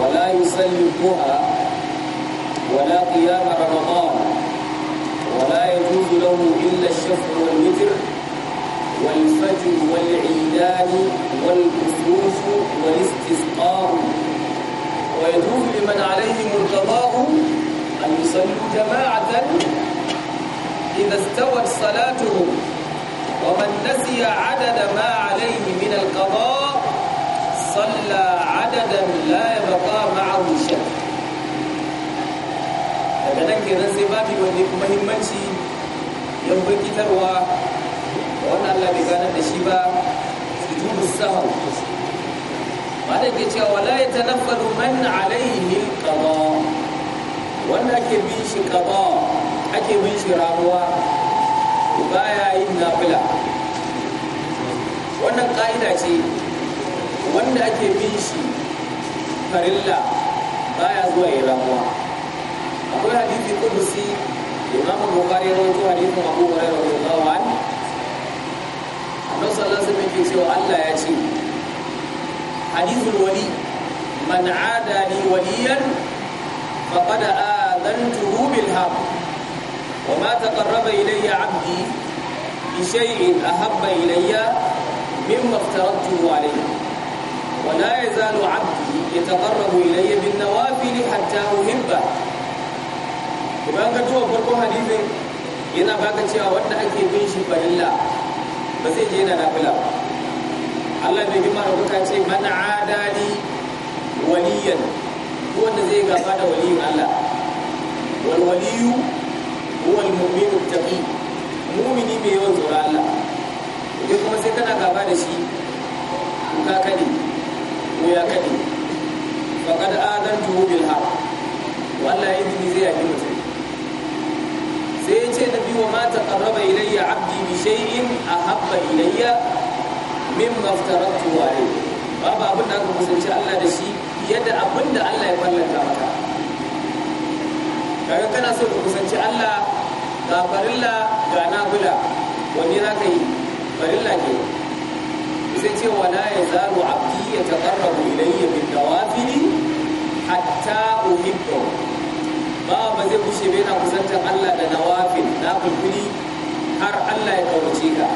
ولا يصلي الضحى ولا قيام رمضان ولا يجوز له إلا الشفع والوتر والفجر والعيدان والكسوف والاستسقاء ويجوز لمن عليه القضاء أن يصلوا جماعة إذا استوت صلاتهم ومن نسي عدد ما عليه من القضاء صلى عددا لا يبقى معه شك daga nan kenan sai babi wanda ya kuma himmanci ya rikitarwa wani Allah bai ganar da shi ba su sujudu sahau Ba da ke cewa la ya tanaffalu man alaihi qada wanda ake bin shi qada ake bin shi ramuwa baya yin nafila wannan ka'ida ce wanda ake bin shi farilla baya zuwa ya ramuwa akwai hadisi kudusi imamu bukari ya rawaito hadisin abu hurairah radiyallahu anhu annabi sallallahu alaihi wasallam cewa Allah ya ce hadithul wali man adani waliyan faqad adantuhu bil haqq wa ma taqarraba ilayya 'abdi bi shay'in ahabba ilayya mimma aftaradtuhu alayhi ولا يزال عبدي يتقرب إلي بالنوافل حتى أحبه kuma ga tuwa farkon hadisin yana baka cewa wanda ake bin shi ba farilla ba zai je yana nafila Allah bai gima da kuka ce mana adali waliyan wanda zai gaba da waliyin Allah wal waliyu huwa al-mu'minu taqi mu'mini mai yawan tsoron Allah duk kuma sai kana gaba da shi kuka kadi ko ya kade faqad adantu bil haq wallahi idini zai yaki mutum sai ya ce nabi wa ma taqarraba ilayya abdi bi shay'in ahabba ilayya mimma aftaratu alayhi babu abin da aka kusanci Allah da shi yadda da abin da Allah ya fallanta maka kaga kana so ka kusanci Allah ga farilla ga nafila wani za ka yi farilla ke sai ce ya yazalu abdi yataqarrabu ilayya bin nawafili hatta uhibbu ba ba zai bushe ba yana kusantar Allah da nawafil na kulkuli har Allah ya kauce ka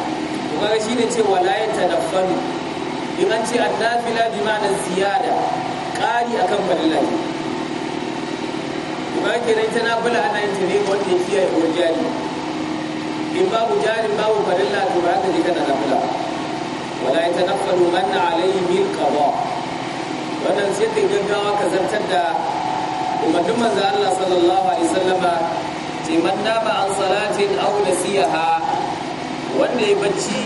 kuma ga shine ce wala yatanaffalu in an ce annafila bi ma'anar ziyada ƙari akan farilla ba kenan ta nafila ana yin ta ne wanda ya kiyaye wani jari in babu jari babu farilla to ba ka je kana nafila wala ya tanaffalu man alayhi bil qada wannan sai kai gaggawa ka zartar da umarnin manzo Allah sallallahu alaihi wasallama ce man dama an salatin aw nasiyaha wanda ya bacci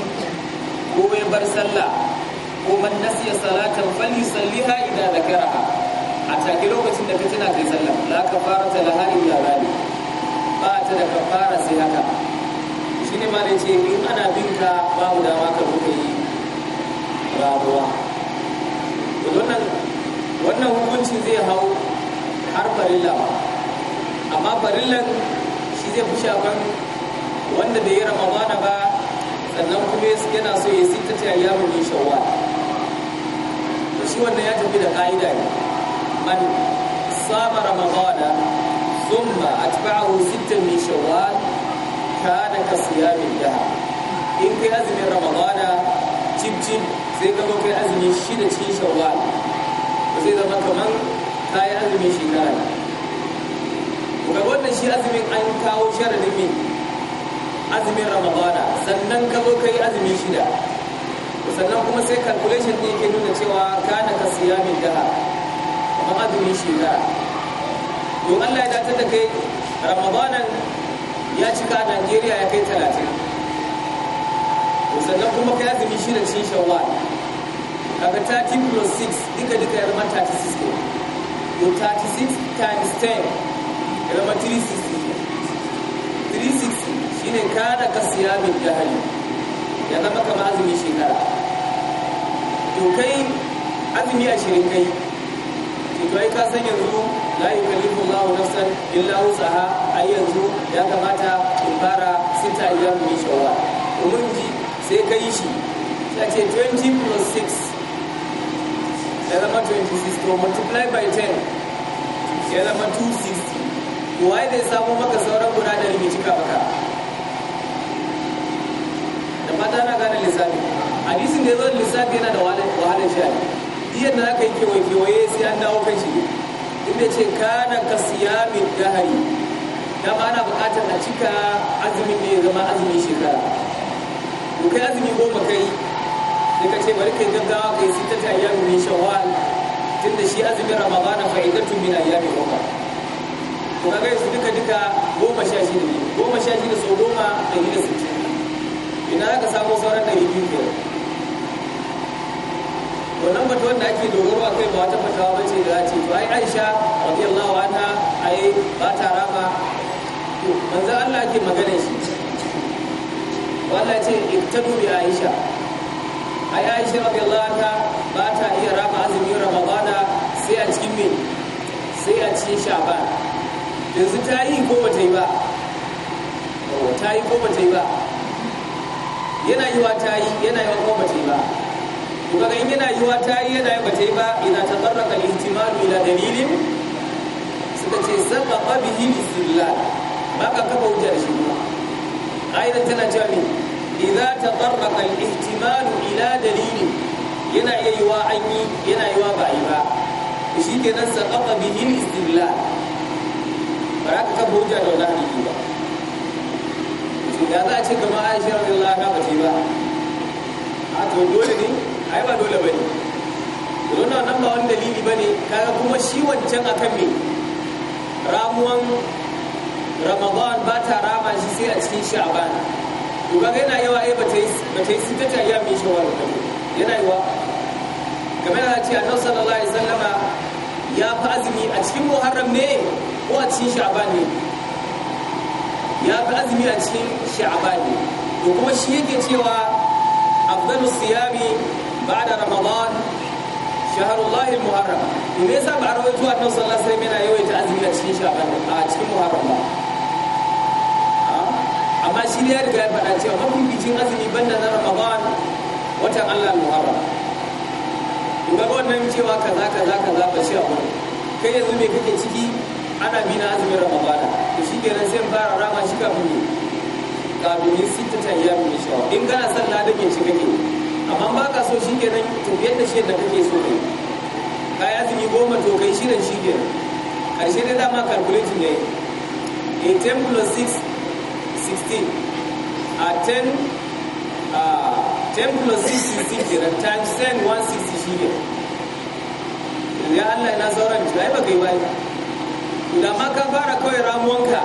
ko ya bar sallah ko man nasiya salatan falyusalliha idza dhakaraha a take lokacin da ka tuna kai sallah la kafarata laha illa zalik ba ta da kafara sai haka shine ma da ce in ana binka babu dama ka yi? rabuwa wannan hukunci zai hau har barilla amma barillan shi zai fi shafan wanda da ya ramadana ba sannan kuma yana so ya sita ta yaro ne shawwal to shi wannan ya tafi da ka'ida ne man sama ramadana thumma atba'ahu sittan min shawwal kana ka siyamin da in kai azumin ramadana cib cib sai zama kai azumi shida cikin shawwal ba zai zama kamar ta yi azumin shekara kuma wannan shi azumin an kawo sharadin min azumin ramadana sannan ka zo kai azumi shida sannan kuma sai calculation ne ke nuna cewa kana ka siya min daha kamar azumin shekara to Allah ya dace da kai ramadanan ya cika a Najeriya ya kai talatin sannan kuma kai azumi shida cikin shawwal kaga 30 plus 6 duka duka ya zama 36 ke to 36 times 10 ya zama 360 360 shi ne kada ka siya min jahali ya zama kama azumi shekara to kai azumi a shirin kai to kai ka san yanzu la yukallifu Allahu in illa wusaha a yanzu ya kamata in fara sita iya min shawwal to mun ji sai kai shi ta ce 20 plus 6 ya zama 26 to multiply by 10 ya zama 260 why zai samu maka sauran guda da bai cika baka da fata na gane lissafi hadisin da ya zo lissafi yana da wahalar shari'a jiya da aka yi kewaye-kewaye sai an dawo kai shi inda ce kana ka siya min dahari da ma ana bukatar a cika azumin ne ya zama azumin shekara to kai azumi goma kai ita ce bari kai gaggawa kai sita ta ayyamin min shawwal tunda shi azumin ramadana tun min ayyamin ukhra to ga yanzu duka duka goma sha shi ne goma sha shida so goma yi da su. ina ka samu sauran ɗari biyu ke wannan batu wanda ake dogaro a ba wata fatawa ba ce da za ce to ai aisha radiyallahu anha ai ba ta rafa to manzo Allah ke magana shi wallahi ce iktadu bi aisha A aisha radiyallahu anha ba ta iya raba azumin ramadana sai a cikin me sai a cikin sha'ban yanzu ta yi ko bata yi ba ta yi ko bata yi ba yana yi wa ta yi yana yi wa ko bata yi ba to kaga yana yi wa ta yi yana yi bata yi ba ina tafarraka al-ihtimalu ila dalilin suka ce sabaqa bihi istidlal ba ka kafa hujja da shi ba aidan tana cewa me idza tatarraqa al-ihtimal ila dalil yana iya yiwa an yi yana yiwa ba yi ba shi kenan saqata bihi al-istidlal baraka ka hujja da wannan hadisi ba ya za a ce kamar Aisha radiyallahu anha ba ce ba a to dole ne ai ba dole bane don nan ba wani dalili bane kaga kuma shi wancan akan me ramuwan Ramadan ba ta rama shi sai a cikin Sha'ban to kaga yana yawa ai bata yi bata yi sita ta ya mi shawar yana yawa game da ce annabi sallallahu alaihi wasallama ya fa azumi a cikin muharram ne ko a cikin sha'ban ne ya fa azumi a cikin sha'ban ne to kuma shi yake cewa afdalu siyami ba'da ramadan shaharullahi muharram me yasa ba a rawaito annabi sallallahu alaihi wasallam yana yawaita azumi a cikin sha'ban a cikin muharram ba amma shi ne ya riga ya faɗa cewa bikin azumi banda na ramadan watan allah muharram in ga wannan cewa kaza kaza kaza ba shi a wani kai yanzu me kake ciki ana bi na azumin ramadan to shi kenan sai fara rama shi kafin ne kafin sita ta ya fi shawa in kana son ladan ya shi kake amma ba ka so shi kenan to yadda shi yadda kake so ne ka ya zumi goma to kai shi ne shi kenan ƙarshe dai dama calculating ne 18 plus 6 16 a 10 a 10 plus 6 kenan times 10 160 shi ne ya Allah sauran ji ba kai wani idan ma ka fara kawai ramuwanka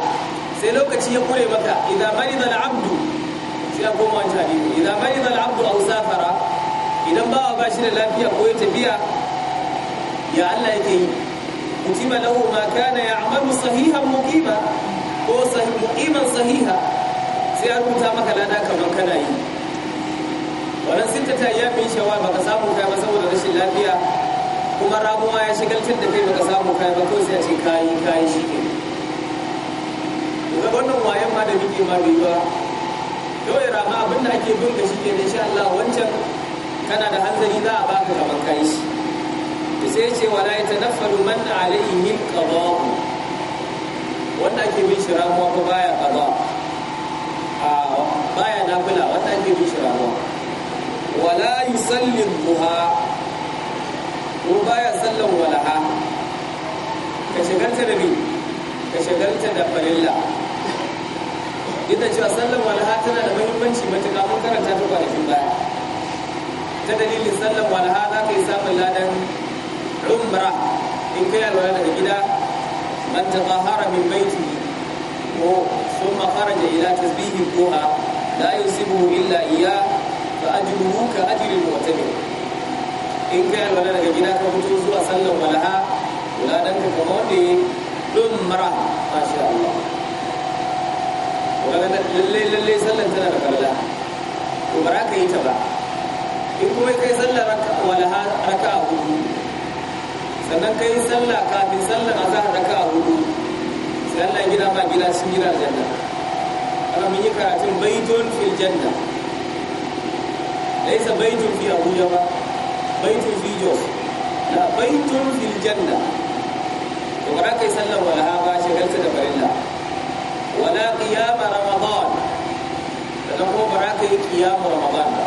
sai lokaci ya kure maka idan mari da abdu sai a koma hadisi idan mari da abdu a safara idan bawa ba shi da lafiya ko ya tafiya ya Allah yake yi kutiba lahu ma kana ya'malu sahihan muqima ko mu'iman sahiha sai a rubuta maka lada kamar kana yi wannan ta ta yi shawa shawar baka samu kai ba saboda rashin lafiya kuma ramuwa ya shigaltar da kai baka samu kai ba ko sai a ce kayi kayi shi ke Daga wannan wayan ma da muke ma bai ba yau ya rama abin da ake bin ka shi ke insha Allah wancan kana da hanzari za a baka kamar kayi shi sai ce wala yatanaffalu man alayhi qada'u wanda ake bin shi ramuwa ko baya kaza a baya kula wanda ake bin shi ramuwa wala yi yusalli duha ko baya sallan walaha ka shagalta da ni ka shagalta da farilla duk da cewa sallan walaha tana da muhimmanci matuƙa mun karanta ta kwanakin baya ta dalilin sallan walaha za ka yi samun ladan umra in kai alwala daga gida أن تظاهر من بيته ثم خرج إلى تسبيح الضحى لا يصيبه إلا إياه فأجره كأجر المعتمر إن كان ولا لك جناك فتوز وسلم ولها ولا دنك كمودي دمرة ما شاء الله ولا للي للي سلم تنا لك الله وبراك يتبع إن كوي كي سلم ركع ولها ركعه sannan ka yi sallah kafin sallar a raka hudu sai Allah ya gida ma gida sun gida janna ana mun yi karatun baitun fil janna laisa baitun fi abuja ba baitun fi jos na baitun fil janna to ba kai wa walaha ba shagalta da farilla wala qiyam ramadan sannan kuma ba ka yi qiyam ramadan ba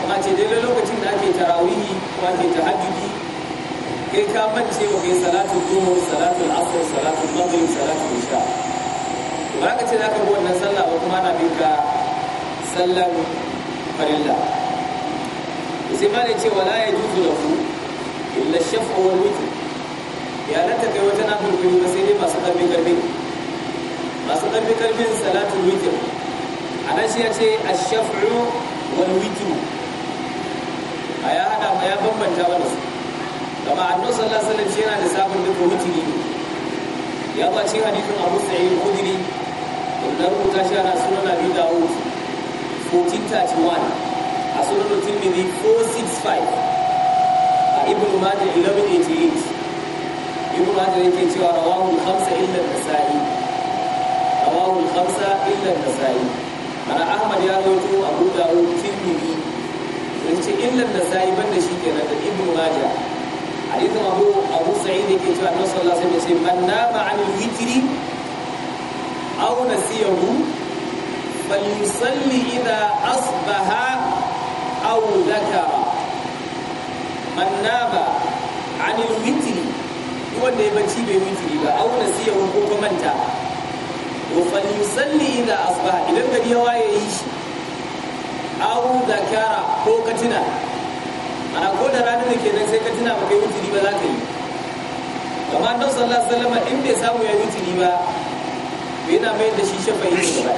kuma ce dai lokacin da ake tarawihi ko ake tahajjudi kai ka mace wa kai salatul duhur salatul asr salatul maghrib salatul isha ba ka ce za ka wannan sallah ba kuma na bin ka sallar farilla sai ma ne ce wala ya juzu lahu illa shaf'a wal witr ya ranta kai wata na fulfulu ba sai dai masu karfi karfi masu karfi karfin salatul witr a nan shi ya ce a shafu wal witr a ya hada ma ya bambanta wa su amma annon sallallahu alaihi wasallam yana lissafin duk wuturi ne ya ba cikin hadisin Abu Sa'id al-Khudri wanda rubuta shi ana sunan Abi Dawud 1431 a sunan Tirmidhi 465 a Ibn Majah 1188 Ibn Majah yake cewa rawahu al-khamsa illa an-Nasa'i rawahu al-khamsa illa an-Nasa'i ana Ahmad ya rawaito Abu Dawud Tirmidhi sai ce illa an-Nasa'i banda shi kenan da Ibn Majah hadisin abu abu sa'id yake cewa annabi sallallahu alaihi wasallam man nama an witri aw nasiyahu falyusalli idha asbaha aw dhakara man nama an witri wanda ya bacci bai witri ba aw nasiyahu ko ka manta wa falyusalli idha asbaha idan gari ya yi shi ko katina? ana ko da ranar da ke nan sai ka tuna ba kai wuturi ba za ka yi amma annabi sallallahu alaihi wasallam in bai samu ya wuturi ba yana mai da shi shafa yi ne ba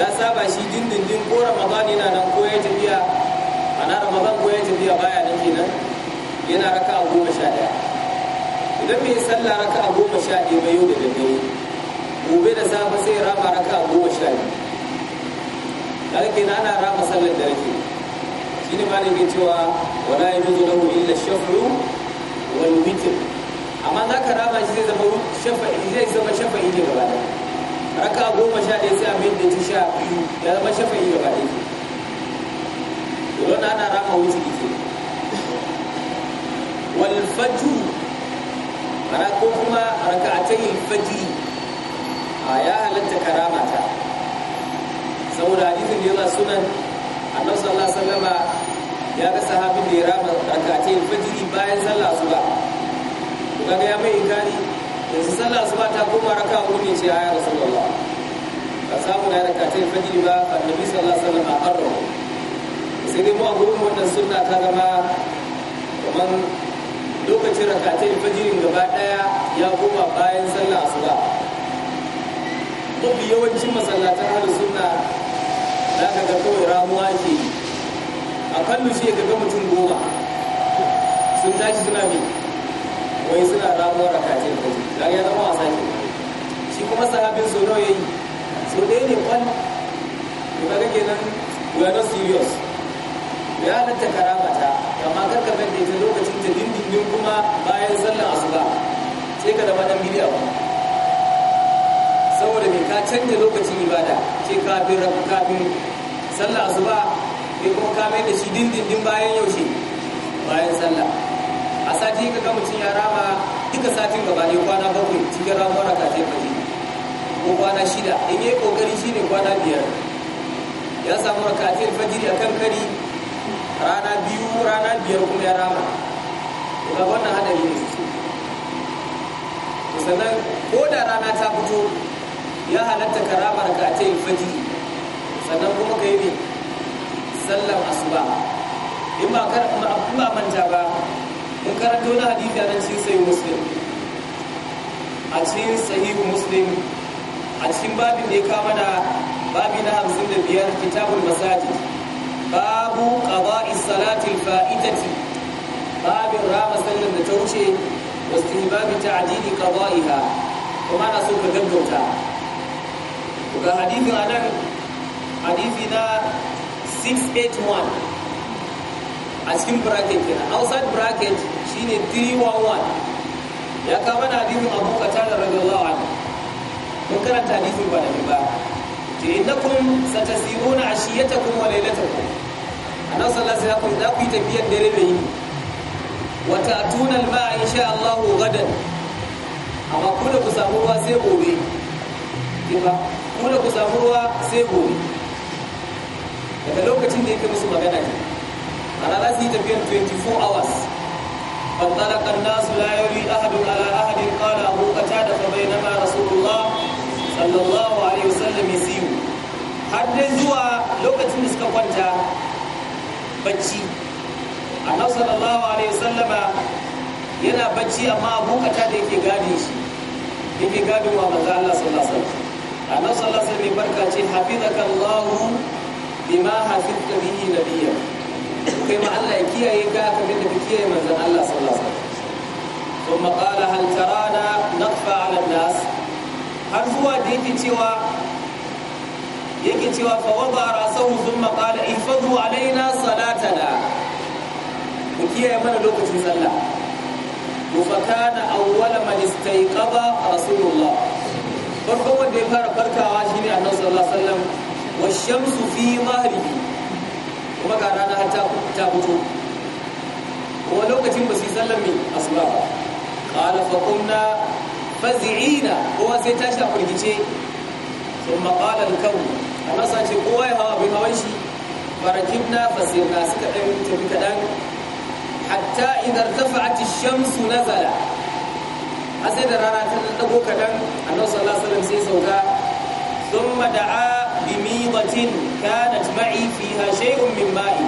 ya saba shi dindindin ko ramadan yana nan ko ya tafiya ana ramadan ko ya tafiya baya nan kenan yana raka a goma sha daya idan bai sallah raka a goma sha daya ba yau da daddare gobe da safe sai raba raka a goma sha biyu da na ana raba sallar da rake shine malam ke cewa wala yajuzu lahu illa shaf'u wal witr amma za ka rama shi zai zama shafa'i zai zama shafa'i ne gaba da raka goma sha ɗaya sai abin da ci sha biyu ya zama shafa'i gaba da ke don ana rama wuce ke wal fajr ko kuma a ta yi fajr a ya halatta ta. saboda hadisin yana sunan annabi sallallahu alaihi wasallama ya ga sahabin da ya rama rakatai fajiri bayan sallah asuba ba. kaga ya mai inkari yanzu sallah asuba ta koma raka hudu ne ce ya rasulullah ka samu na rakatai fajiri ba annabi sallallahu alaihi wasallam a karro sai dai mu a gurin wannan sunna ta gama. kamar lokacin rakatai fajirin gaba daya ya koma bayan sallah asuba mafi yawancin masallatan suna, sunna ka ga kawai ramuwa ke yi a kallu shi ga mutum goma sun tashi suna mai wai suna ramuwa rakatun fajr da ya zama a sake. shi kuma sahabin so nawa yayi so ɗaya ne kwan kuma kaga kenan we are not serious ya halatta karamata amma kar ka bada ita lokacin ta dindindin kuma bayan sallar asuba sai ka dama dan bidiya ba saboda me ka canja lokacin ibada ce kafin kafin sallar asuba in kuma ka mai da shi dindindin bayan yaushe bayan sallah a sati ka ga mutum ya rama duka satin gaba ne kwana bakwai cikin ramuwar a kafin faji ko kwana shida in yi kokari shi ne kwana biyar ya samu rakatin fajiri a kan kari rana biyu rana biyar kuma ya rama ga wannan hadari ne sannan ko da rana ta fito ya halatta ka rama a rakatin fajiri sannan kuma ka yi ne sallar asuba in ba kar ma manta ba in karanto na hadisi a cikin sahihu muslim a cikin sahihu muslim a cikin babin da ya kama da babi na hamsin da biyar kitabul masajid babu qada'i salati fa'idati babin rama sallar da ta wuce kuma na so ka نصوب ga دوتا anan hadisi na 681 a cikin bracket kenan outside bracket shine 311 ya kama na hadisin abu kata da radiyallahu anhu mun karanta hadisin ba da ba ta innakum satasiruna ashiyatakum wa laylatakum annabi sallallahu alaihi wasallam da ku tafiyar dare mai yi wa ta'tuna al-ma'a insha Allah gadan amma ku ku samu ruwa sai gobe kiba ku ku samu ruwa sai gobe daga lokacin da yake musu magana ne ana za su yi tafiyan 24 hours فانطلق الناس a يلي أحد على da قال أبو na فبينما sallallahu alaihi صلى ya siyu har dai zuwa lokacin da suka kwanta bacci annabi sallallahu alaihi wasallama yana bacci amma a abokata da yake gadi shi yake gadin wa manzo Allah sallallahu alaihi wasallam annabi sallallahu alaihi wasallam barka ce hafizakallahu bima hafizta bihi nabiyya kai ma Allah ya kiyaye ka kamar da kiyaye manzon Allah sallallahu alaihi wasallam ثم قال هل ترانا نطفى على الناس har zuwa da yake cewa yake cewa fa wada rasahu thumma qala ihfazu alaina salatana ku kiyaye mana lokacin sallah to fa kana awwala man istayqaba rasulullah farko wanda ya fara farkawa shine annabi sallallahu alaihi wasallam washamsu fi mahribi kuma ga rana har ta fito kuma lokacin ba su yi sallar mai asuba ba qala fa qumna fazi'ina kowa sai tashi a firgice thumma qala al-kawn amma sai ce kowa ya hawa bin hawan shi farajin na fasirna suka dan tafi kaɗan, hatta idan rtafa'at ash-shamsu nazala asai da rana ta dago kadan annabi sallallahu alaihi wasallam sai sauka sun mada'a. بميضة كانت معي فيها شيء من مائي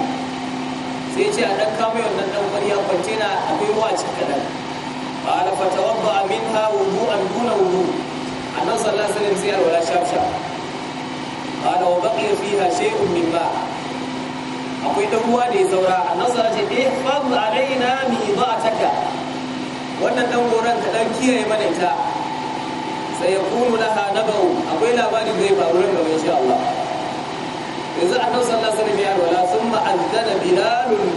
sai ce a ɗan kamo wannan ɗan ƙwarya kwantena akwai ruwa a cikin kaɗan ƙala fatawabba amin ha wudu an nuna wudu a nan sallah salim sai alwala shafsha ƙala wa baƙi fi ha shay'un min ba akwai ɗan ruwa da ya saura a nan sallah ce eh alaina mi ba a taka wannan ɗan goron ka ɗan kiyaye mana ita sai ya kunu laha nabau akwai labarin zai faru nan gaba insha Allah yanzu annabi sallallahu alaihi wasallam ya wala thumma bilalun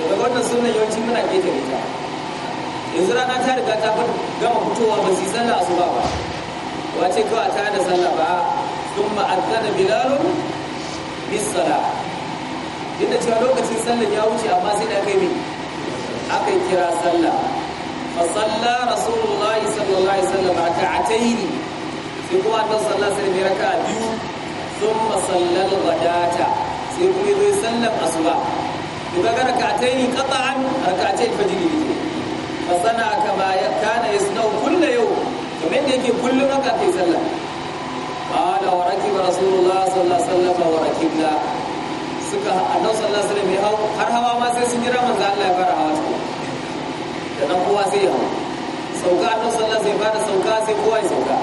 daga wannan sunan yawanci muna keta ita yanzu rana ta riga ta gama fitowa ba su yi sallah asuba ba wace kawai ta da sallah ba sun ma'azana bilalun bis inda cewa lokacin sallah ya wuce amma sai da kai mai aka kira sallah فصلى رسول الله صلى الله عليه وسلم ركعتين في قوة صلى الله عليه وسلم ركعة بيو ثم صلى الغداة سيقوم يسلم أصبع يبقى ركعتين قطعا ركعتين فجر يجي فصنع كما كان يصنع كل يوم ومن يجي كل ركعة يسلم قال وركب رسول الله صلى الله عليه وسلم وركبنا سكه أنه صلى الله عليه وسلم هر هوا ما سيسجر من ذا الله يفرح واسكه da nan kowa sai ya sauka annabi sallallahu alaihi wasallam sai sauka sai kowa ya sauka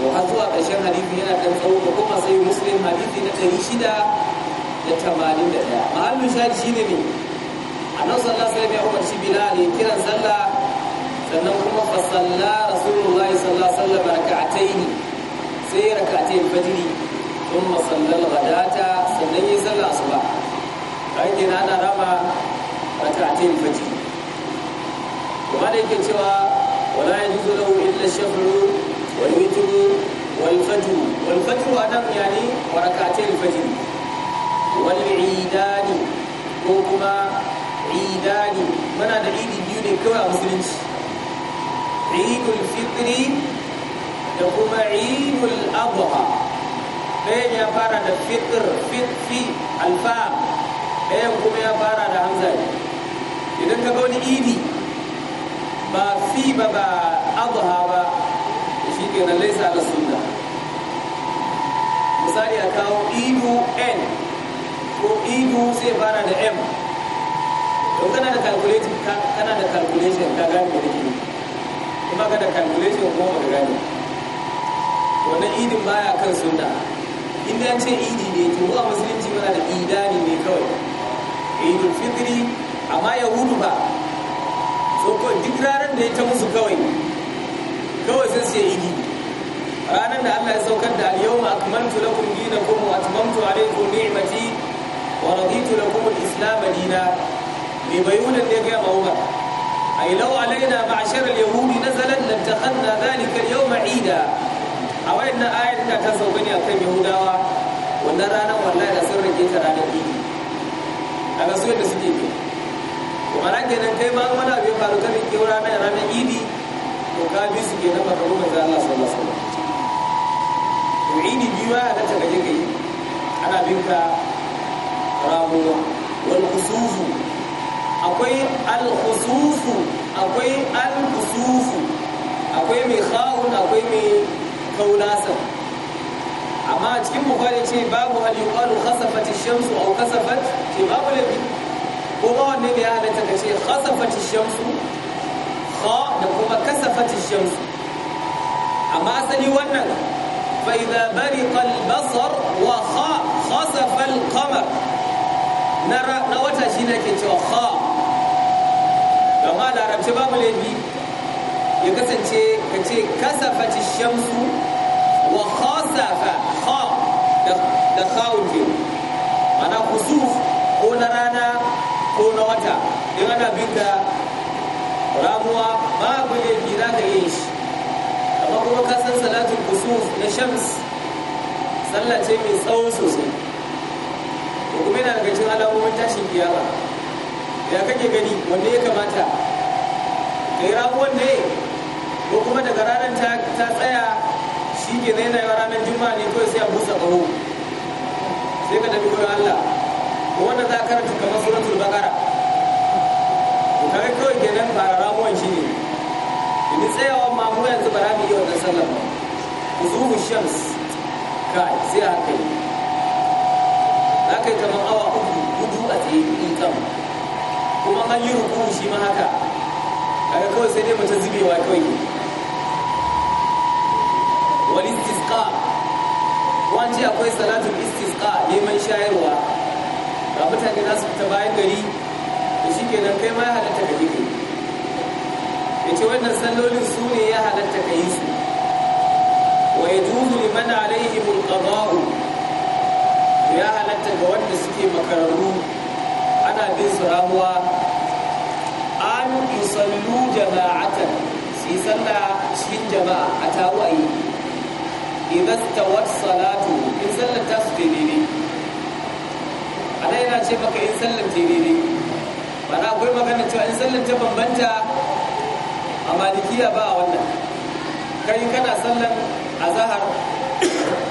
to har zuwa ƙarshen hadithi yana ɗan tsawo da kuma sai muslim hadithi na ɗari shida da tamanin da ɗaya mahallin shahid shi ne ne nan sallah sai wasallam ya umarci bilal ya kiran sallah sannan kuma fa salla rasulullahi sallallahu alaihi wasallam raka'ataini sai raka'atayn fajri thumma sallal ghadata sannan yi sallah asuba kai kenan ana rama rak'atayn fajr kuma da yake cewa wala yajuzu lahu illa shafru wal witr wal fajr wal fajr adam yani wa fajr wal idani ko kuma idani muna da idi biyu ne kawai a musulunci idul fitri da kuma idul adha ɗayan ya fara da fitir alfa ɗayan kuma ya fara da hamza idan ka ga wani idi ba fi ba ba adha ba shi ke nan laisa da suna misali a kawo idu n ko idu sai fara da m to kana da calculation kana da calculation ka gane da kike kuma ka da calculation ko ka gane wannan idin baya kan sunna inda an ce idi ne to a musulunci mana da idani ne kawai idul fitri amma yahudu ba so ko duk ranar da ya ta musu kawai kawai sai su yi ranar da Allah ya saukar da al-yawma akmaltu lakum dinakum wa atmamtu alaykum ni'mati wa raditu lakum al-islam dinan bi bayunan da ya ga mawa ay law alaina ma'shar al-yahudi nazalat lattakhadna dhalika al-yawma 'ida a wayannan ayat da ta sauka ne akan yahudawa wannan ranar wallahi da sun rage ta ranar idi a ga su da suke ke mara kenan kai ma wani abu ya faru kan rike ranar ranar idi to ka bi su kenan ba ka bi manzo Allah sallallahu alaihi wasallam to idi biyu ya da take kai ana ka ramuwa wani khusufu akwai al akwai al akwai mai khawun akwai mai kaulasan amma a cikin bukwari ce babu hal yuqalu khasafat ash-shamsu aw kasafat babu labi kuma wanne ne ya halatta ka ce khasafati shamsu kha da kuma kasafati shamsu amma asali wannan fa idza bariqa al-basar wa kha khasafa al-qamar na wata shi ne ke cewa kha amma larabci babu laifi ya kasance ka ce kasafati shamsu wa khasafa kha da khawun ke mana kusuf ko na rana ko na wata in ana bin ka ramuwa babu laifi za ka yin shi amma kuma ka san salatul kusuf na shams sallah ce mai tsawon sosai ko kuma yana daga cikin alamomin tashin kiyama ya kake gani wanda ya kamata ka yi ramuwan ne ko kuma daga ranar ta tsaya shi ke na yana ranar juma'a ne kawai sai a busa ƙaho sai ka tafi kuma Allah wanda za ka karanta kamar suratul baqara to kai kawai kenan fara ramuwan shi ne in tsayawa ma mu yanzu ba za mu yi wannan sallar ba kuzuhu shams kai sai haka kai za ka yi kamar awa uku hudu a tsaye in kan kuma an yi ruku shi ma haka kaga kawai sai dai mace zubewa kawai wal istisqa wani akwai salatul istisqa neman shayarwa ga mutane za su fita bayan gari da shi kenan kai ma ya halatta ka jike ya ce wannan sallolin su ne ya halatta ka yi su wa ya juzu alAihi alaihim alqada'u ya halatta ga wanda suke makararru ana bin su ramuwa an musallu jama'atan su yi sallah cikin jama'a a tawaye idan tawar salatu in sallar ta su daidai ma'ana yana ce maka in sallar ce daidai ma'ana akwai magana cewa in sallar ta bambanta a malikiya ba a wannan kai kana sallar zahar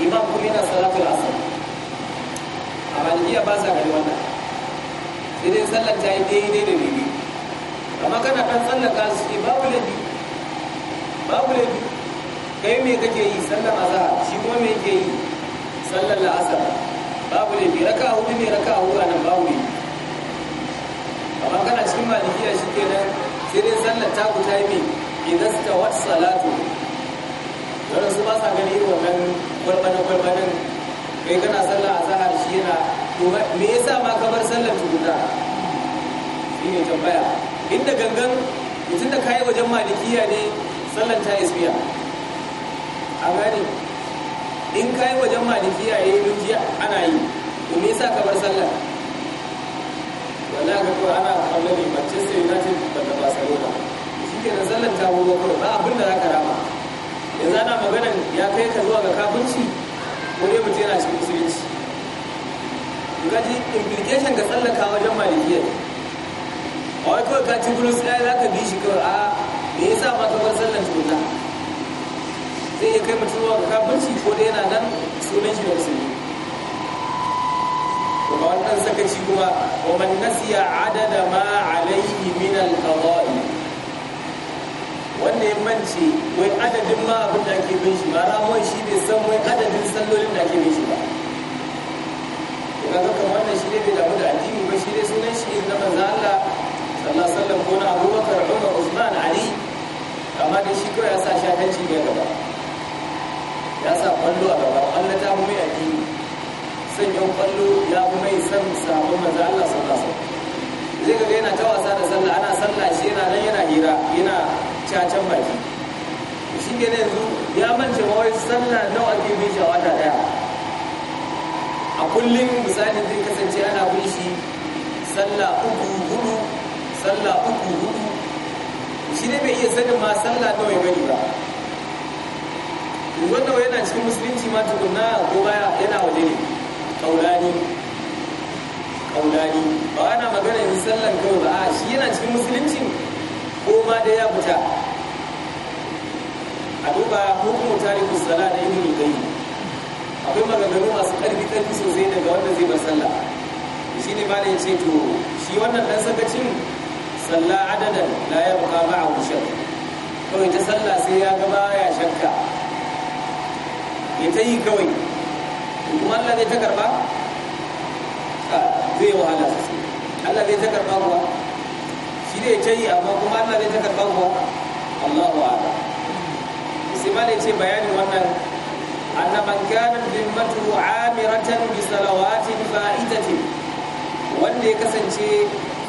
imam kuma yana a sallan a malikiya ba sa gari wannan sai dai sallar ta yi daidai da daidai amma kana kan ka su ke babu laifi babu laifi kai me kake yi sallar zahar shi kuma me ke yi sallar la'asar babu ne mai raka hudu mai raka hudu a nan babu ne amma kana cikin malikiya shi ke nan sai dai sallar ta ku ta yi mai idan ta wata salatu don su ba sa gani irin wannan kwalbanin kwalbanin kai kana sallar a zahar shi yana me yasa ma kamar sallar guda? shi ne tambaya inda gangan mutum da kayi wajen malikiya ne sallar ta isbiya a gani in kai wajen malikiya yi eh, duji ana yi to me yasa ka bar sallah wallahi ko ana kwallo ne na ce ba ta shi ke na sallar ta wuwa ko ba abin da zaka rama yanzu ana maganan ya kai ka zuwa ga kafinci ko ne mutum yana cikin musulunci gaji implication ga tsallaka wajen malikiya a wani kawai ka ci bulus ɗaya za ka bi shi kawai a me yasa ma ka bar sallar tukunna zai iya kai mutum zuwa ga kafirci ko da yana nan sunan shi da musulmi kuma wannan sakaci kuma wa man nasiya adada ma alayhi min al-qada'i wanda ya mance wai adadin ma abin da ake bin shi ba ramon shi bai san wai adadin sallolin da ake bin shi ba kaga kan wannan shi ne bai damu da addini ba shi ne sunan shi na manzo Allah sallallahu alaihi wasallam ko na Abubakar Umar Usman Ali amma da shi kawai ya sa shi a kan ne gaba ya sa kwallo a gaba Allah ta mu mai addini sanya kwallo ya mu mai san sabon manzo Allah sallallahu alaihi zai ga yana ta wasa da sallah ana sallah shi yana nan yana hira yana cacan baki shi ke yanzu ya mance ma wai sallah nawa ke bi shi a wata daya a kullum misali zai kasance ana bin shi sallah uku hudu sallah uku hudu shi ne bai iya sanin ma sallah nawa ya bari ba wanda yana cikin musulunci ma tukunna ko baya yana waje ne kaulani kaulani ba ana magana yin sallan kawai ba a shi yana cikin musulunci ko ma da ya fita a duba hukumu tarihi sala da ibn qayyim akwai maganganu masu karfi karfi sosai daga wanda zai bar sallah shi ne da yace to shi wannan dan sakacin sallah adadan la ba a shakk kawai ta sallah sai ya gaba ya shakka ya ta yi kawai kuma Allah zai ta karba zai wahala sosai Allah zai ta karba kuwa shi ne ta yi amma kuma Allah zai ta karba kuwa Allahu ala sai ma ne ce bayanin wannan أن من كانت amiratan عامرة بصلوات ce wanda ya kasance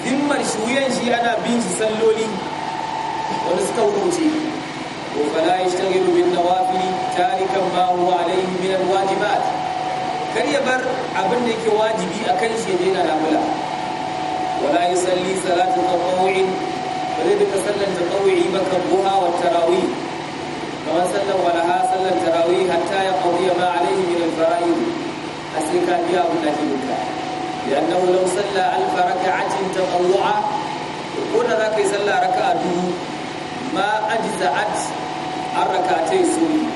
zimmar shi wuyan shi ana bin shi salloli wani suka wuce فلا يشتغل بالنوافل تاركا ما هو عليه من الواجبات kar ya bar abin da yake wajibi a kan shi yana nafila wala yusalli salatu tatawu'in ba zai duka sallan tatawu'i ba yi duha wa tarawih kamar sallan walaha sallan tarawih hatta ya qadiya ma لأنه لو صلى ألف ركعة تطوعا وقلنا ذاك يصلى ركعة ma ajza'at an rakatai suri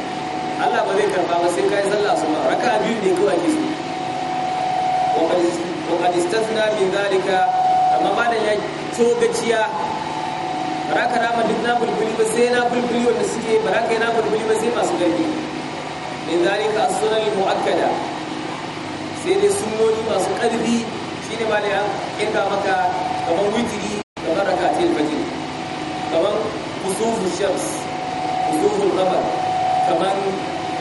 Allah ba zai karba ba sai kai sallah su ba raka biyu ne kawai ke so wa qad istathna min zalika amma da ya ba za ka rama duk na bulbuli ba sai na bulbuli wanda suke ba ka yi na bulbuli ba sai masu gari min zalika as-sunan muakkada sai dai sunnoni masu ƙarfi shine da ya kirga maka kamar witiri kamar rakatai kusufu shams kusufu qamar kaman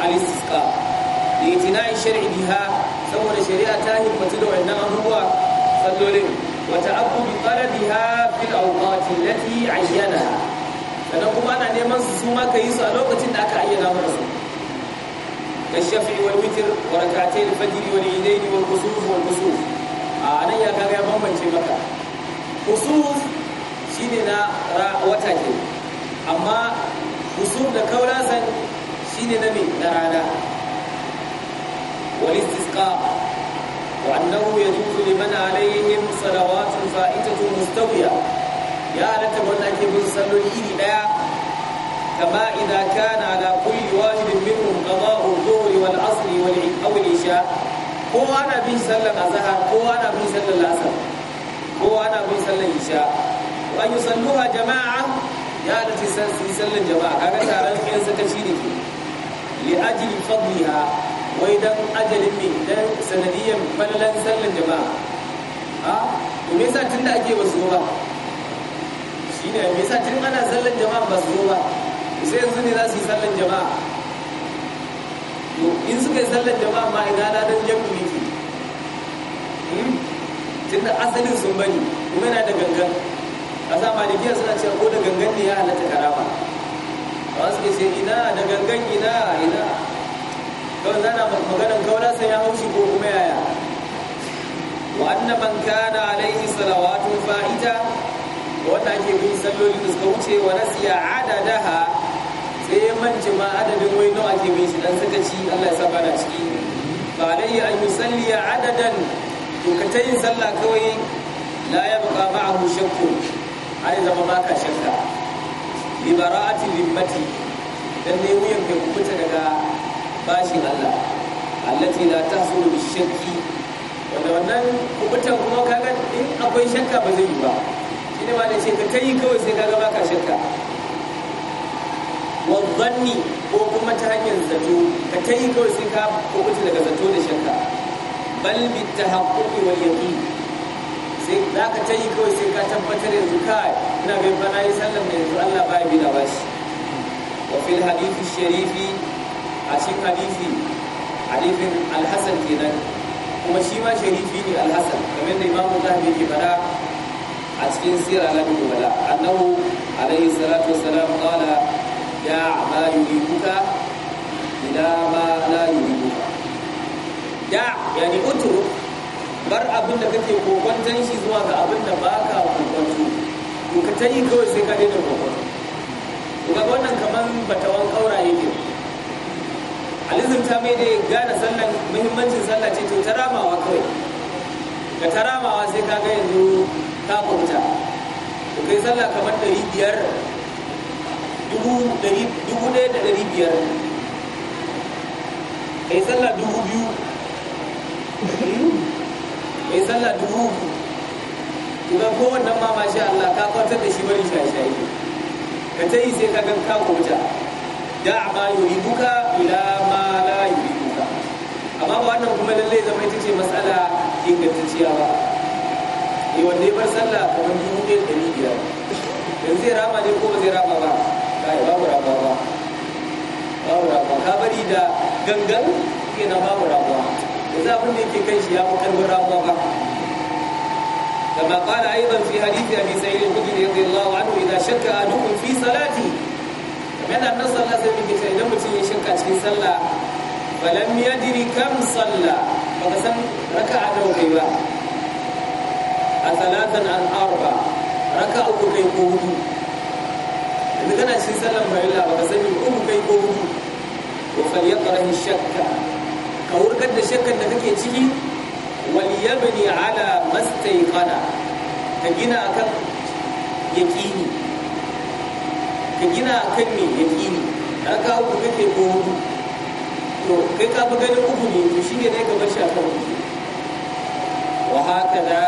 al-istisqa da itina'i shar'iha saboda shari'a ta himmatu da wannan abubuwa sallolin wa ta'abbud talabiha fil awqat allati ayyanaha sannan kuma ana neman su su ma su a lokacin da aka ayyana mana su كالشفع والوتر وركعتي الفجر والعيدين والكسوف والكسوف anan ya kaga ya bambance maka kusuf shine na wata ke amma usul da kaulasan shine na mai na rana wal istisqa wa annahu yajuzu liman alaihim salawatun fa'itatun mustawiya ya halatta wanda ke bin salloli iri daya kama idza kana ala kulli wahidin minhum qada'u dhuhri wal asri wal aw al isha kowa ana bin sallar azhar kowa ana bin sallar asr kowa ana bin sallar isha wa an yusalluha jama'a ya da ce san su yi sallan jama'a kaga taron saka sakaci ne ke li ajli fadliha wai dan ajalin ne dan sanadiyan falalan sallan jama'a a to me yasa tunda ake ba zo ba shine me yasa tun ana sallan jama'a ba zo ba sai yanzu ne za su yi sallan jama'a to in suka yi sallan jama'a ma ina na dan jami'i ne hmm? tunda asalin sun bani kuma yana da gangan kasa sa malikiya suna cewa ko da gangan ne ya halatta karama ba su ke ce ina da gangan ina ina kawai zana maganin kawai sai ya haushi ko kuma yaya wa anna man kana alaihi salawatu fa'ita wanda ake bin salloli da suka wuce wa nasiya adadaha sai ya manci ma adadin wai nawa ke bin shi dan suka ci Allah ya saba na ciki fa alayhi an yusalli adadan to ka ta yin sallah kawai la yabqa ma'ahu shakkun ai zama ba ka shakka liberati limmati dan ne wuyan ka kubuta daga bashin Allah allati la tahsulu bi shakki wanda wannan kubutan kuma kaga in akwai shakka ba zai yi ba shine ma da ce ka kai kawai sai kaga ba ka shakka wadzanni ko kuma ta hanyar zato ka kai yi kawai sai ka kubuta daga zato da shakka bal bi tahaqquqi wal yaqin sai za ka ta yi kawai sai ka tabbatar yanzu kai ina bin bana yi sallan da yanzu Allah ba bi da bashi wa fil hadithi sharifi a cikin hadithi hadithin alhasan kenan kuma shi ma sharifi ne alhasan kamar da imamu zahabi ke fada a cikin sirar alamin wala annahu alaihi salatu wassalam qala ya ma yurikuka ila ma la yurikuka ya yani utruk bar abin da kake kokwanton shi zuwa ga abin da ba ka kokwanto in ka ta yi kawai sai ka daina kokwanto to ga wannan kamar batawan kaura yake ta mai ya gane sallan muhimmancin sallah ce to ta ramawa kawai ka ta ramawa sai ka ga yanzu ta kwamta to kai sallah kamar ɗari biyar dubu ɗaya da ɗari biyar ka yi sallah dubu biyu hmm? mai sallah dubu uku ga kowannan ma masha Allah ka kwantar da shi bari shaye-shaye ka ta yi sai ka gan ka kuta da ma yuriduka ila ma la duka amma ba wannan kuma lallai zama ita ce matsala ingantacciya ba yi eh, wanda ya bar sallah kamar dubu ɗaya da ɗari biyar yanzu zai rama ne ko ba zai rama ba yi babu rama ba babu rama ka bari da gangan kenan babu rama إذا هم كيش يا الله كما قال أيضا في حديث أبي سعيد الخدري رضي الله عنه إذا شك أحدكم في صلاته كمان أن صلى سيدنا عليه وسلم إذا شك في صلاة فلم يدري كم صلى فقسم ركع نوبة ثلاثا عن أربع ركع كي قوه إذا كان شي سلم بإلا وقسم أم كي قوه وفليقرأ الشك ka wurgar da shirkan da kake ciki wal ne ala mastayqana ka gina kan yaqini ka gina akan me yaqini da ka uku kake ko to kai ka fi ganin uku ne to shine ne ka bar shi kan uku wa hakada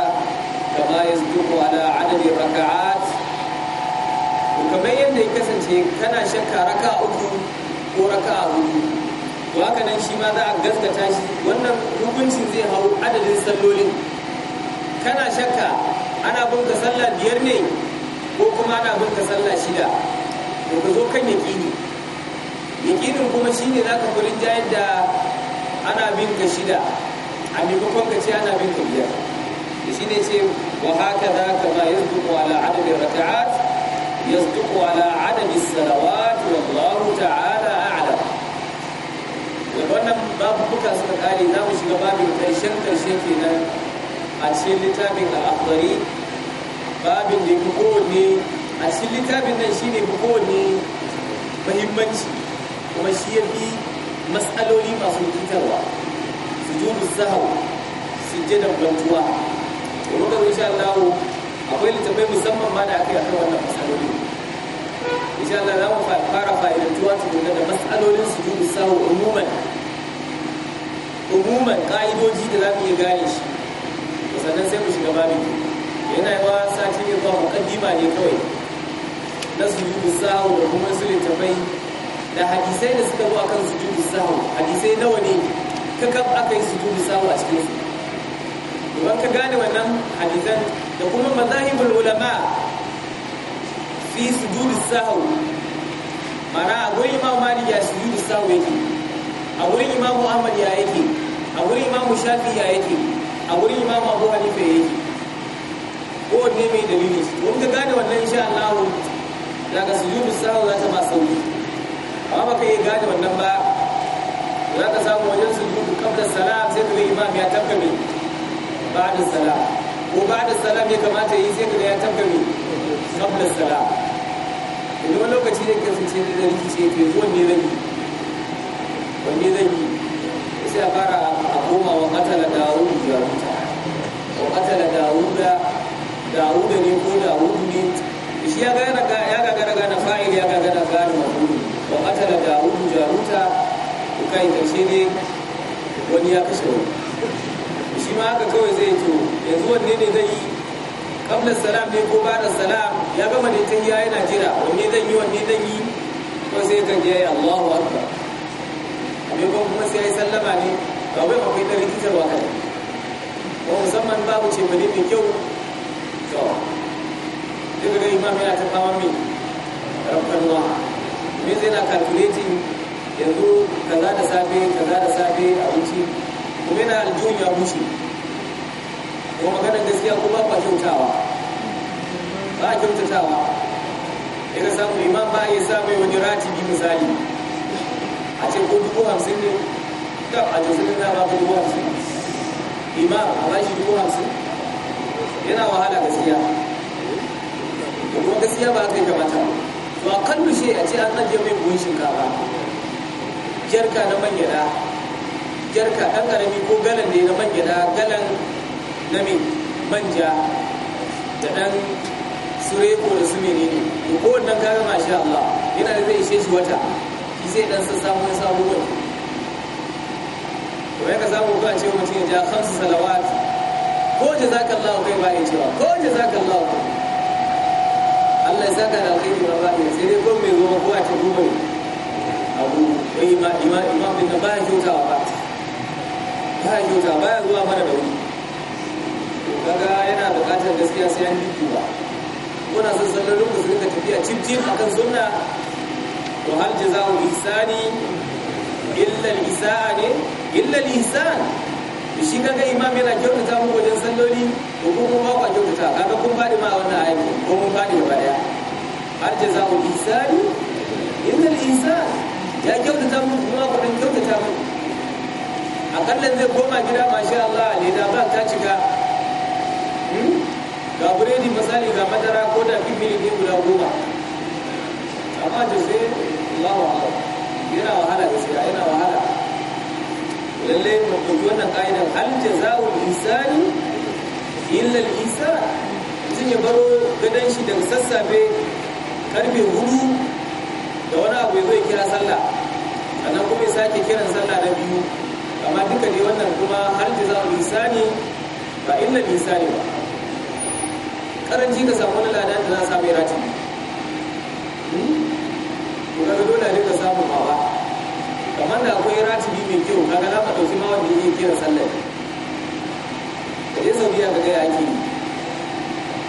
kama yasduqu ala adadi raka'at kamar yadda ya kasance kana shakka raka uku ko raka hudu to haka nan shi ma za a gaskata shi wannan hukuncin zai hau adadin sallolin kana shakka ana bin ka sallah biyar ne ko kuma ana bin ka sallah shida to ka zo kan yaƙini yaƙinin kuma shine za ka kurin jayar da ana bin ka shida a maimakon ka ce ana bin ka biyar da shi ne ce wa haka za ka ma yasduku wala adadin rata'at yasduku ala adadin salawat wallahu ta'ala wannan babu buka suka kare za mu shiga babin karshen karshe kenan a cikin littafin al'akbari babin da ya kowanne a cikin littafin nan shi ne fi kowanne mahimmanci kuma shi ya fi matsaloli masu rikitarwa su je da bantuwa to muka zo insha Allah akwai littafai musamman ma da aka yi akan wannan matsaloli insha Allah za mu fara fa'idantuwa tukuna da mas'alolin su yi sahu umuman umuman ka'idoji da za mu iya gane shi sannan sai ku shiga babin yana yi wa sace ya ba mukaddima ne kawai na su yi sahu da kuma su littafai da hadisai da suka zo akan su yi sahu hadisai nawa ne kakaf aka yi su yi sahu a cikin su idan ka gane wannan hadisan da kuma mazahibul ulama fi sujudi sahu mana a gurin imamu malik ya sujudi sahu yake a gurin imamu ahmad ya yake a gurin imamu shafi ya yake a gurin imamu abu hanifa ya yake ko wanne mai dalilin su wani ka gane wannan insha allahu daga sujudu sahu za ta ba sauki amma baka iya gane wannan ba za ka samu wajen sujudu kabla salam sai ka ga imam ya tabka mai da salam ko ba da salam ya kamata yi sai ka ga ya tabka mai kabla salam yanzu wani lokaci da kansa ce da zan rikice to yanzu wanne zan yi wanne zan yi sai a fara a koma wa katala dawudu ya huta wa katala dawuda dawuda ne ko dawudu ne shi ya gana ya gagara gana fa'il ya gagara gana mafulu wa matala dawudu ya huta ko kai karshe ne wani ya kashe wani shi ma haka kawai zai to yanzu wanne ne zai yi kabla salam ne ko bada salam ya gama da ita ya yana jira wanne zan yi wanne zan yi ko sai kan je ya Allahu akbar abin ko kuma sai ya sallama ne ba wai akwai da rikitarwa kai ko musamman babu ce bane mai kyau to daga da imam yana ta kawo min rabbanwa me zai na calculating yanzu kaza da safe kaza da safe abinci kuma yana aljuhun ya bushe. gaskiya kuma ba kyautawa ba a kyautatawa ya ka samu imam ba ya sa yi wani ratibi misali a ce ko dubu hamsin ne ta a jinsin na ba ko dubu hamsin imam a ba shi dubu hamsin yana wahala gaskiya da kuma gaskiya ba aka yi kamata to a kan dushe a ce an ajiye mai buhun shinkafa jarka na mangyada jarka ɗan ƙarami ko galan ne na mangyada galan na mai manja da ɗan sureko da su menene to kowannan kaga mashi Allah yana da zai ishe shi wata shi zai ɗan sassa ya sabuwar wani to ya ka samu ba ce mutum ya ja hamsu salawat ko lawa kai bayan ya cewa ko lawa kai Allah ya saka da alkhairi ba ba ya sai dai ko mai goma ko a ce ko bai abu ima ima imam bin ba ya kyautawa ba ba ya ba ya zuwa mana da wuri kaga yana bukatar gaskiya sai an dukkuwa muna son sallolin ku su rinka tafiya cip cip akan sunna wa hal jaza'u ihsani illa al-isa'a ne illa al-ihsan shi kaga imam yana kyautata mu wajen salloli ko kuma ba ku kyautata kaga kun bada ma wannan ayati ko mun bada gaba daya hal jaza'u ihsani illa al-ihsan ya kyautata mu kuma ku dan kyautata mu akalla zai koma gida masha Allah ne da ba ta cika ga buredi misali ga madara ko da fifili ne guda goma amma da sai Allahu akbar yana wahala gaskiya yana wahala lalle mu ɗauki wannan ƙa'idar hal jazaa'ul insani illa al-insan mutum ya baro gadon shi da sassafe karfe hudu da wani abu ya zo kira sallah sannan kuma ya sake kiran sallah na biyu amma duka ne wannan kuma hal jazaa'ul insani ba illa al ne ba karanci ka samu wani ladan da za a samu irati hmm? kuma ga dole ne ka samu hawa kamar da akwai ratibi mai kyau kaga za ka ɗauki ma wanda yake kiran sallar da ya saudiya ga gaya ake yi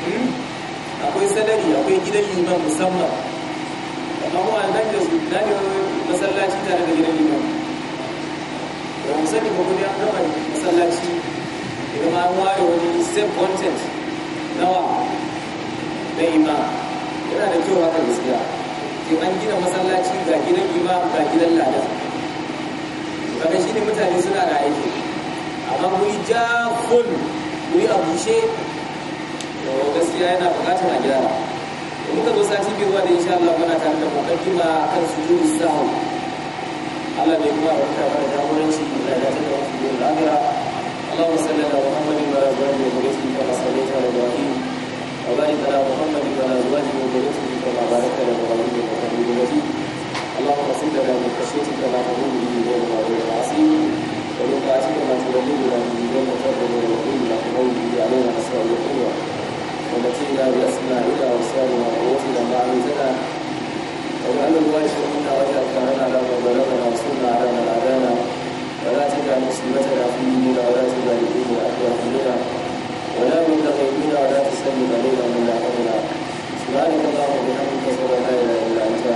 hmm? akwai salari akwai gidan liman musamman Kamar kuma nan da su na masallaci tare da gidan liman ba mu sani ba kuma ya gama masallaci idan ma an ware wani safe content nawa na imam yana da kyau haka gaskiya ke an gina masallaci ga gidan imam ga gidan lada shi ne mutane suna da aiki amma guri jafun guri a bushe gaskiya yana bukatar a gyara da muka zo sati biyu wa da insha Allah muna tare da mukaddima kan sujudu sahu Allah bai kuma wa ba da jagoranci da ta da wasu biyu lafiya اللهم صل على محمد وعلى ازواجه وذريته كما صليت على ابراهيم وبارك على محمد وعلى ازواجه وذريته كما باركت على ابراهيم انك حميد مجيد اللهم صل على من خشيتك ما تقوم به بين معروف العصيم ومن طاعتك ما تبلغنا به بين فضل ويقول ما تقوم به علينا مصائب القوه ومتينا باسمائنا وابصارنا وقوتنا ما عزنا واجعل الوارث منا واجعل ثارنا على من ظلمنا وانصرنا على من عادانا ولا تدع مصيبتنا في ديننا ولا تدع لديننا أحدا همنا ولا من غيرنا ولا تسلم علينا من لا حولنا سبحانك اللهم وبحمدك أشهد أن لا إله إلا أنت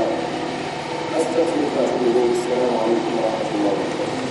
أستغفرك وأتوب إليك السلام عليكم ورحمة الله وبركاته